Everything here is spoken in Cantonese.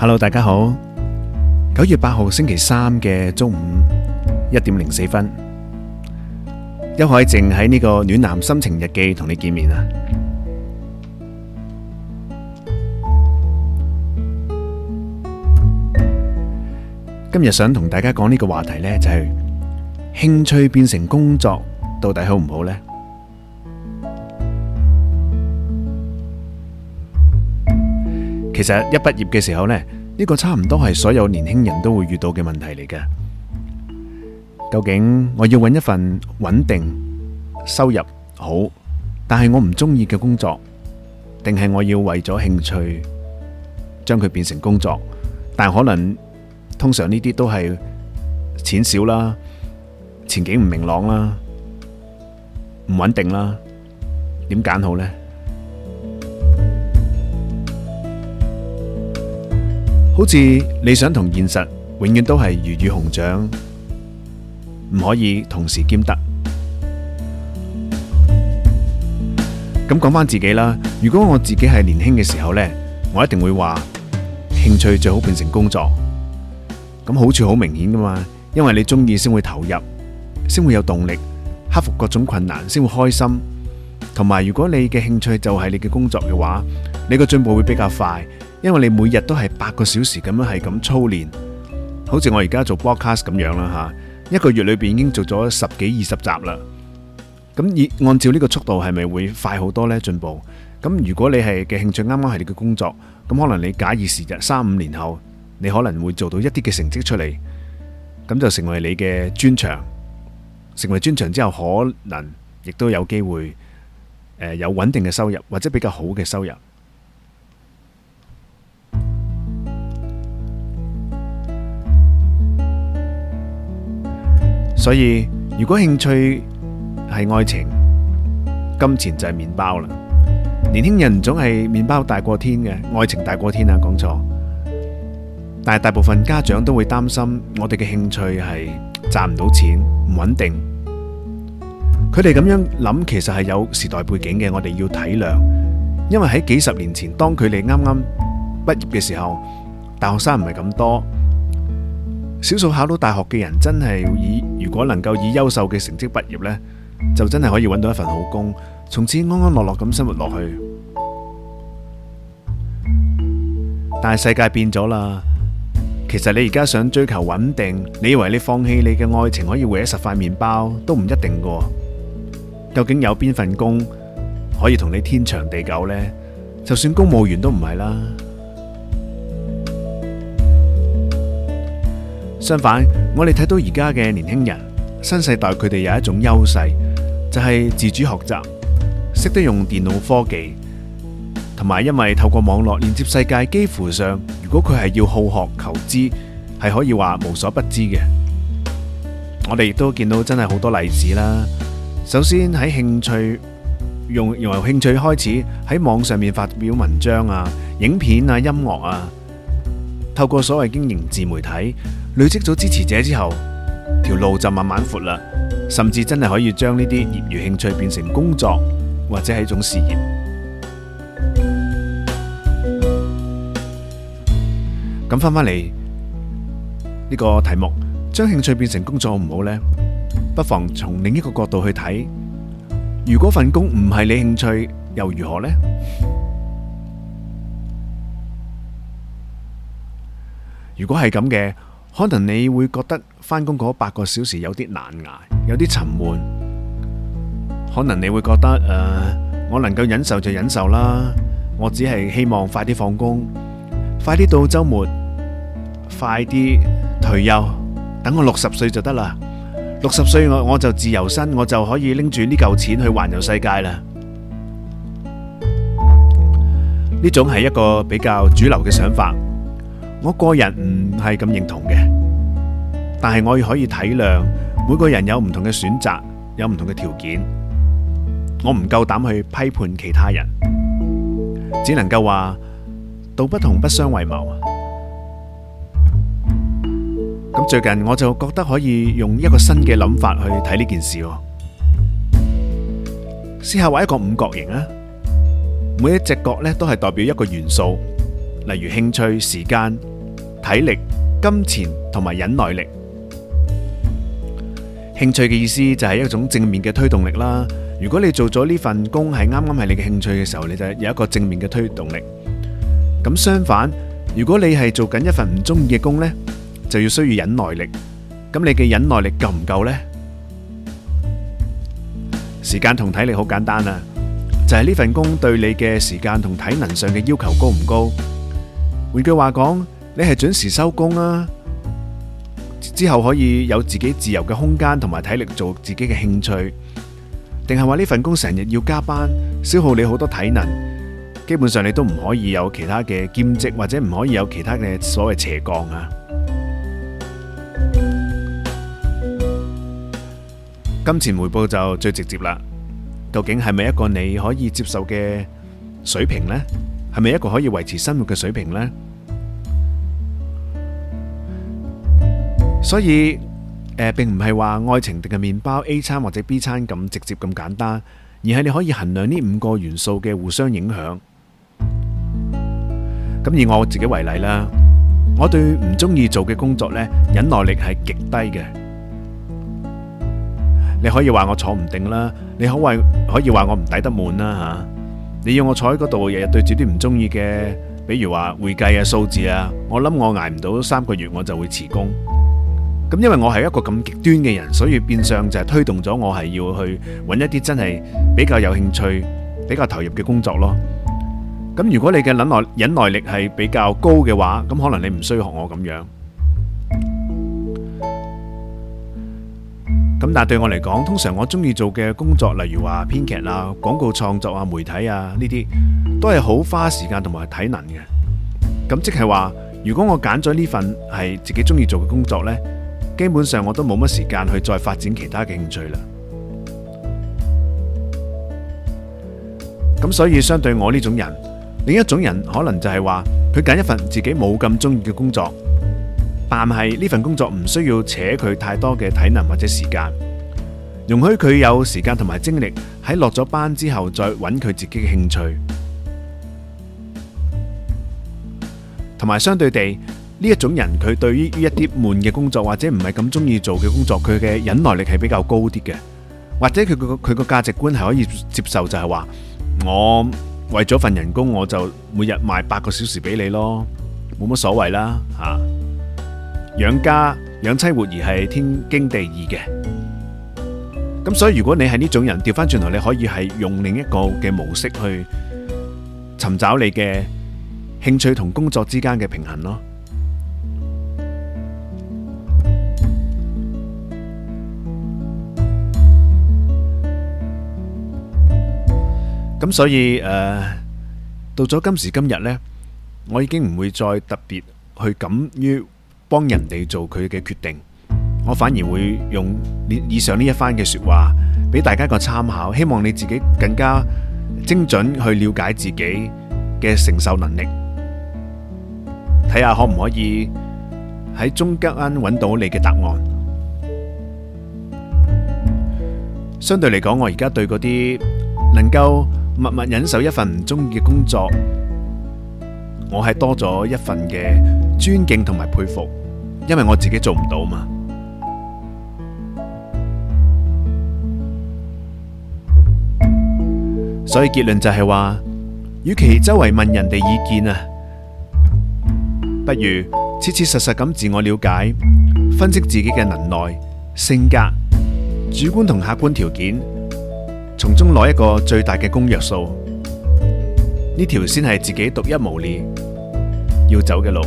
Hello，大家好。九月八號星期三嘅中午一點零四分，邱海靜喺呢個暖男心情日記同你見面啊。今日想同大家講呢個話題呢、就係，就係興趣變成工作，到底好唔好呢？其實一畢業嘅時候呢，呢個差唔多係所有年輕人都會遇到嘅問題嚟嘅。究竟我要揾一份穩定、收入好，但係我唔中意嘅工作，定係我要為咗興趣將佢變成工作？但係可能通常呢啲都係錢少啦，前景唔明朗啦，唔穩定啦，點揀好呢？好似理想同現實永遠都係魚與熊掌，唔可以同時兼得。咁講翻自己啦，如果我自己係年輕嘅時候呢，我一定會話興趣最好變成工作。咁好處好明顯噶嘛，因為你中意先會投入，先會有動力，克服各種困難，先會開心。同埋，如果你嘅興趣就係你嘅工作嘅話，你個進步會比較快。因為你每日都係八個小時咁樣係咁操練，好似我而家做 broadcast 咁樣啦吓，一個月裏邊已經做咗十幾二十集啦。咁按照呢個速度係咪會快好多呢？進步。咁如果你係嘅興趣啱啱係你嘅工作，咁可能你假以時日，三五年後，你可能會做到一啲嘅成績出嚟，咁就成為你嘅專長。成為專長之後，可能亦都有機會，有穩定嘅收入或者比較好嘅收入。所以，如果興趣係愛情，金錢就係麵包啦。年輕人總係麵包大過天嘅，愛情大過天啊，講錯。但係大部分家長都會擔心，我哋嘅興趣係賺唔到錢，唔穩定。佢哋咁樣諗，其實係有時代背景嘅，我哋要體諒。因為喺幾十年前，當佢哋啱啱畢業嘅時候，大學生唔係咁多。少數考到大學嘅人真係以如果能夠以優秀嘅成績畢業呢，就真係可以揾到一份好工，從此安安樂樂咁生活落去。但係世界變咗啦，其實你而家想追求穩定，你以為你放棄你嘅愛情可以搵十塊麵包都唔一定嘅。究竟有邊份工可以同你天長地久呢？就算公務員都唔係啦。相反，我哋睇到而家嘅年輕人，新世代佢哋有一種優勢，就係、是、自主學習，識得用電腦科技，同埋因為透過網絡連接世界，幾乎上如果佢係要好學求知，係可以話無所不知嘅。我哋亦都見到真係好多例子啦。首先喺興趣，用由興趣開始喺網上面發表文章啊、影片啊、音樂啊。透過所謂經營自媒體，累積咗支持者之後，條路就慢慢闊啦，甚至真係可以將呢啲業餘興趣變成工作或者係一種事業。咁翻返嚟呢個題目，將興趣變成工作唔好呢？不妨從另一個角度去睇。如果份工唔係你興趣，又如何呢？如果係咁嘅，可能你會覺得翻工嗰八個小時有啲難挨，有啲沉悶。可能你會覺得誒，我能夠忍受就忍受啦，我只係希望快啲放工，快啲到周末，快啲退休，等我六十歲就得啦。六十歲我我就自由身，我就可以拎住呢嚿錢去環遊世界啦。呢種係一個比較主流嘅想法。我個人唔係咁認同嘅，但係我亦可以體諒每個人有唔同嘅選擇，有唔同嘅條件。我唔夠膽去批判其他人，只能夠話道不同不相為謀。咁最近我就覺得可以用一個新嘅諗法去睇呢件事。試下畫一個五角形啊，每一隻角咧都係代表一個元素。例如興趣、時間、體力、金錢同埋忍耐力。興趣嘅意思就係一種正面嘅推動力啦。如果你做咗呢份工係啱啱係你嘅興趣嘅時候，你就有一個正面嘅推動力。咁相反，如果你係做緊一份唔中意嘅工呢，就要需要忍耐力。咁你嘅忍耐力夠唔夠呢？時間同體力好簡單呀，就係呢份工對你嘅時間同體能上嘅要求高唔高？換句話講，你係準時收工啊，之後可以有自己自由嘅空間同埋體力做自己嘅興趣，定係話呢份工成日要加班，消耗你好多體能，基本上你都唔可以有其他嘅兼職或者唔可以有其他嘅所謂斜槓啊。金錢回報就最直接啦，究竟係咪一個你可以接受嘅水平呢？係咪一個可以維持生活嘅水平呢？所以誒，並唔係話愛情定係麵包 A 餐或者 B 餐咁直接咁簡單，而係你可以衡量呢五個元素嘅互相影響。咁以我自己為例啦，我對唔中意做嘅工作呢，忍耐力係極低嘅。你可以話我坐唔定啦，你可以可以話我唔抵得悶啦吓。你要我坐喺嗰度，日日對住啲唔中意嘅，比如話會計嘅數字啊，我諗我捱唔到三個月，我就會辭工。咁因為我係一個咁極端嘅人，所以變相就係推動咗我係要去揾一啲真係比較有興趣、比較投入嘅工作咯。咁如果你嘅忍耐忍耐力係比較高嘅話，咁可能你唔需要學我咁樣。但係對我嚟講，通常我中意做嘅工作，例如話編劇啊、廣告創作啊、媒體啊呢啲，都係好花時間同埋係體能嘅。咁即係話，如果我揀咗呢份係自己中意做嘅工作呢，基本上我都冇乜時間去再發展其他嘅興趣啦。咁所以相對我呢種人，另一種人可能就係話，佢揀一份自己冇咁中意嘅工作。但係呢份工作唔需要扯佢太多嘅體能或者時間，容許佢有時間同埋精力喺落咗班之後再揾佢自己嘅興趣，同埋相對地呢一種人佢對於呢一啲悶嘅工作或者唔係咁中意做嘅工作，佢嘅忍耐力係比較高啲嘅，或者佢個佢個價值觀係可以接受，就係話，我為咗份人工我就每日賣八個小時俾你咯，冇乜所謂啦吓。啊養家養妻活兒係天經地義嘅，咁所以如果你係呢種人，掉返轉頭你可以係用另一個嘅模式去尋找你嘅興趣同工作之間嘅平衡咯。咁所以誒，到咗今時今日呢，我已經唔會再特別去敢於。幫人哋做佢嘅決定，我反而會用以上呢一番嘅說話，俾大家一個參考，希望你自己更加精準去了解自己嘅承受能力，睇下可唔可以喺中間揾到你嘅答案。相對嚟講，我而家對嗰啲能夠默默忍受一份唔中意嘅工作，我係多咗一份嘅尊敬同埋佩服。因為我自己做唔到嘛，所以結論就係話，與其周圍問人哋意見啊，不如切切實實咁自我了解，分析自己嘅能耐、性格、主觀同客觀條件，從中攞一個最大嘅公約數。呢條先係自己獨一無二要走嘅路。